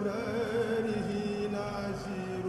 أبراره ناجي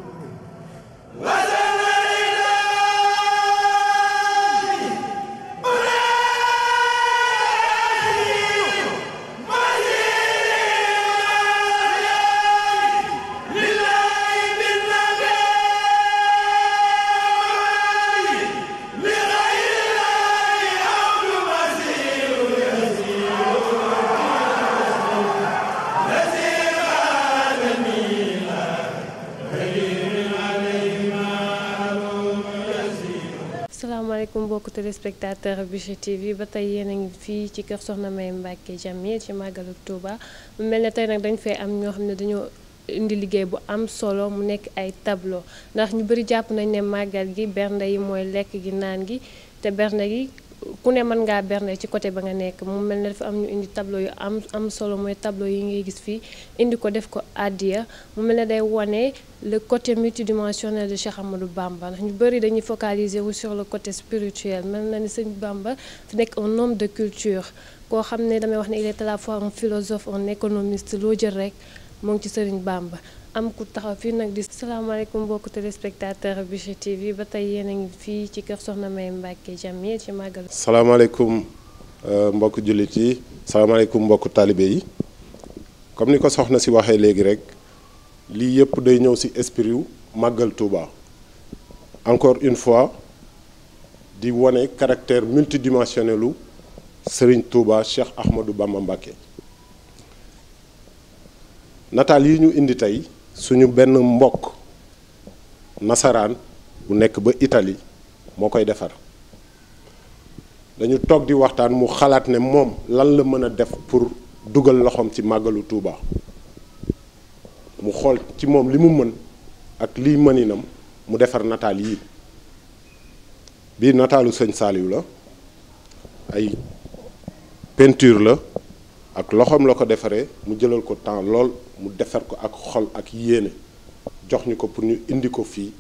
mbokk téléspectateur Bichri TV ba tey yéen a ngi fii ci kër Soxna May Mbàkke Jamil ci màggalu Touba mu mel na tey nag dañ fee am ñoo xam ne dañoo indi liggéey bu am solo mu nekk ay tablo ndax ñu bëri jàpp nañ ne màggal gi bernde yi mooy lekk gi naan gi te bernde gi ku ne mën ngaa berne ci côté ba nga nekk mu mel ne dafa am ñu indi tableau yu am am solo mooy tableau yi ngay gis fii indi ko def ko àddiya mu mel ne day wane le côté multidimensionnel de Cheikh Amadou Bamba ndax ñu bëri dañuy focaliser wu sur le côté spirituel mel na ni sëñ Bamba fi nekk un homme de culture koo xam ne damay wax ne il est à la fois un philosophe un économiste loo jël rek moo ngi ci sëriñ Bamba am ku taxaw fii nag di salaamaaleykum mbokki téléspectateur Bichri TV ba tey yéen a fii ci kër Soxna May Mbacke Jamil ci màggal. salaamaaleykum euh, mbokk jullit yi salaamaaleykum mbokki taalibe yi comme ni ko soxna si waxee léegi rek lii yëpp day ñëw ci esprit màggal tuuba encore une fois di wone caractère multidimensionnel lu Serigne Touba Cheikh Ahmadou Bamba Mbacke nataal yi ñu indi tey. suñu benn mbokk nasaraan bu nekk ba itali moo koy defar dañu toog di waxtaan mu xalaat ne moom lan la mën a def pour dugal loxoom ci màggalu Tuuba mu xool ci moom li mu mën ak liy mëninam mu defar nataal yi bii nataalu sëñ Saaliw la ay peinture la ak loxoom la ko defaree mu jëlal ko temps lool mu defar ko ak xol ak yéene jox ñu ko pour ñu indi ko fii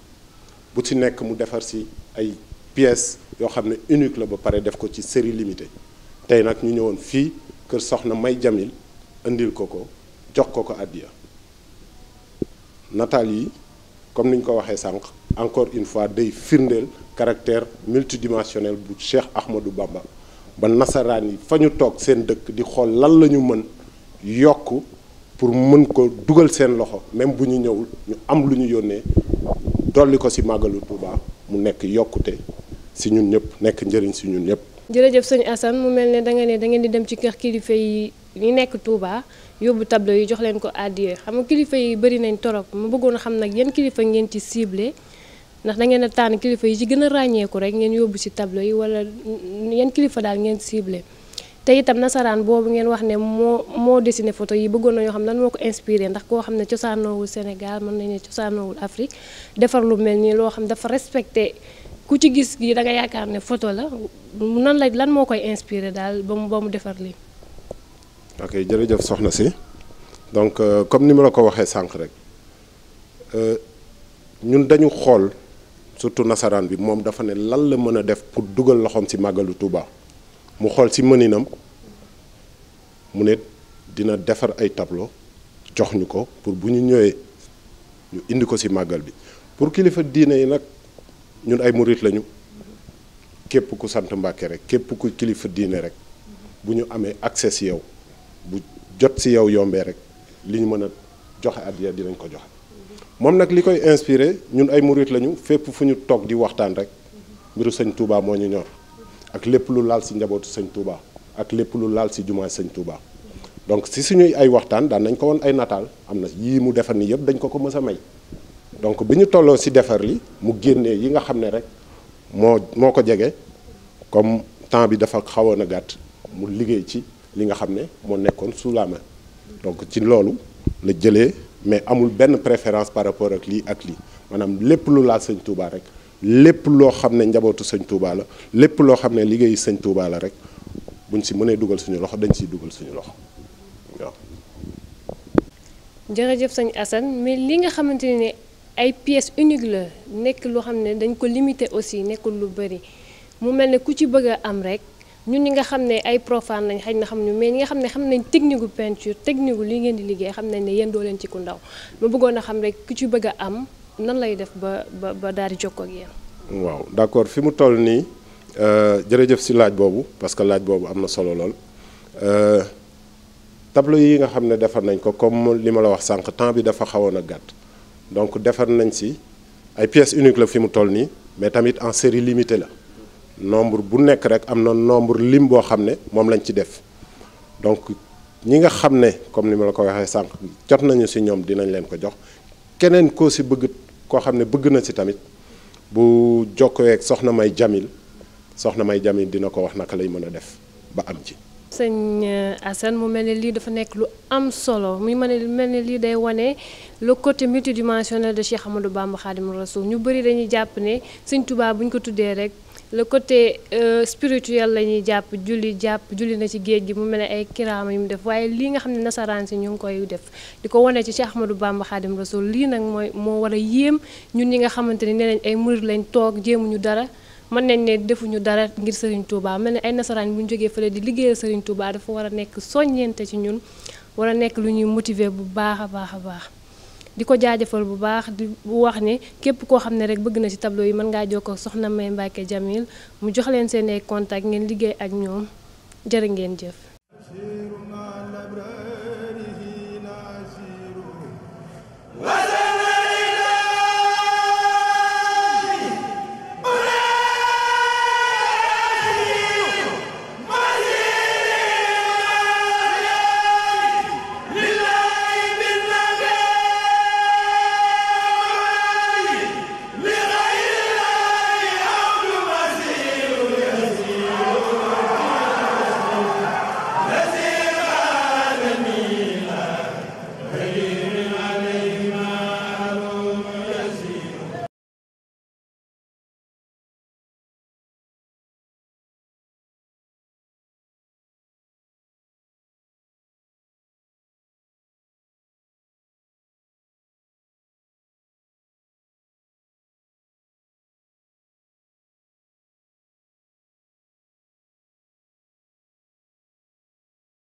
bu ci nekk mu defar si ay pièces yoo xam ne unique la ba pare def ko ci série limitée tey nag ñu ñëwoon fii kër soxna May Jamil indil ko ko jox ko ko àddiya nataal yi comme ni ñu ko waxee sànq encore une fois day firndeel caractère multidimensionnel bu Cheikh Ahmadou Bamba ba nasaraan yi fa ñu toog seen dëkk di xool lan la ñu mën yokk pour mën ko dugal seen loxo même bu ñu ñëwul ñu am lu ñu yónnee dolli ko ci màggalu Tuuba mu nekk yokkute ci ñun ñëpp nekk njëriñ ci ñun ñëpp. jërëjëf sëñ Assane mu mel ne da nga ne da ngeen di dem ci kër kilifa yi yi nekk Touba yóbbu tableau yi jox leen ko àddiya xam nga kilifa yi bëri nañ torop mu bëggoon a xam nag yan kilifa ngeen ci ciblé. ndax dangeen ngeen a tànn kilifa yi ci gën a ràññeeku rek ngeen yóbbu ci tableau yi wala yan kilifa daal ngeen cible te itam nasaraan boobu ngeen wax ne moo moo dessiné photo yi bëggoon na ñoo xam lan moo ko inspiré ndax koo xam ne cosaanoowul Sénégal mën nañu ne cosaanoowul defar lu mel nii loo xam dafa respecté ku ci gis gi da nga yaakaar ne photo la nan la lan moo koy inspiré daal ba mu ba mu defar lii. ok jërëjëf soxna si donc euh, comme ni ma la ko waxee sànq rek euh, ñun dañu xool. surtout nasaraan bi moom dafa ne lan la mën a def pour dugal loxoom ci màggalu Touba mu xool ci mëninam mu ne dina defar ay tableau jox ñu ko pour bu ñu ñëwee ñu indi ko ci màggal bi pour kilifa diine yi nag ñun ay murit lañu képp ku sant Mbàkke rek képp ku kilifa diine rek bu ñu amee accès ci yow bu jot ci yow yombee rek li ñu mën a joxe addiya dinañ ko joxe moom nag li koy inspiré ñun ay murit lañu fépp fu ñu toog di waxtaan rek mbiru sëñ Touba moo ñu ñor ak lépp lu laal si njabootu sëñ Touba ak lépp lu laal si jumaa sëñ Touba donc si suñuy ay waxtaan daan nañ ko woon ay nataal am na yii mu defar ni yëpp dañ ko ko mës a may donc bi ñu tolloo si defar li mu génnee yi nga xam ne rek moo moo ko jege comme temps bi dafa xawoon a gàtt mu liggéey ci li nga xam ne moo nekkoon sous la donc ci loolu la jëlee. mais amul benn préférence par rapport ak lii ak lii maanaam lépp lu laal sëñ Touba rek lépp loo xam ne njabootu sëñ Touba la lépp loo xam ne liggéeyu sëñ Touba la rek buñ si mënee dugal suñu loxo dañ siy dugal suñu loxo waaw. jërëjëf sëñ Assane mais li nga xamante ne ay pièces uniques la nekk loo xam ne dañ ko limité aussi nekkul lu bari mu mel ne ku ci bëgg a am rek. ñun ñi nga xam ne ay profane nañ xëy na xam ñu mais ñi nga xam ne xam nañ technique gu peinture technique gu li ngeen di liggéey xam ne yéen doo leen ci ku ndaw ma bëggoon a xam ne ku ci bëgg a am nan lay def ba ba daal di jokkoo ak yéen. waaw d'accord mu toll nii euh, jërëjëf si laaj boobu parce que laaj boobu am na solo lool euh, tableau yi nga xam ne defar nañ ko comme li ma la wax sànq temps bi dafa xawoon a gàtt donc defar nañ si ay pièces unique la fi mu toll nii mais tamit en série limitée la. nombre bu nekk rek am na nombre lim boo xam ne moom lañ ci def donc ñi nga xam ne comme ni ma la ko waxee sànq jot nañu si ñoom dinañ leen ko jox keneen koo si bëgg koo xam ne bëgg na ci tamit bu jokkoo ak soxna May Jamil soxna May Jamil dina ko wax naka lañ mën a def ba am ji sëñ euh, Assane mu mel ne lii dafa nekk lu am solo mu mën ne mel ne lii day wane le côté multidimensionnel de Cheikh Amadou Bamba Khadim Rasoul ñu bëri dañuy jàpp ne sëñ tubaab bu ñu ko tuddee rek. le côté euh, spirituel la ñuy jàpp julli jàpp julli na ci géej gi mu mel ne ay kiraama yu def waaye lii nga xam ne nasaraan si ñu ngi koy def di ko wane ci Cheikh Ahmadou Bamba Khadim Rasoul lii nag mooy moo war a yéem ñun ñi nga xamante ne nañ ay murid lañ toog jéemuñu dara mën nañ ne defuñu dara ngir Serigne Touba mel ne ay nasaraan bu ñu jógee fële di liggéeyal Serigne Touba dafa war a nekk soññeente ci ñun war a nekk lu ñuy motiver bu baax a baax a baax. di ko jaajëfal bu baax di bu wax ne képp koo xam ne rek bëgg na ci tableau yi mën ngaa jokkoo soxna May Mbacke Jamil mu jox leen seen ay contact ngeen liggéey ak ñoom jërë ngeen jëf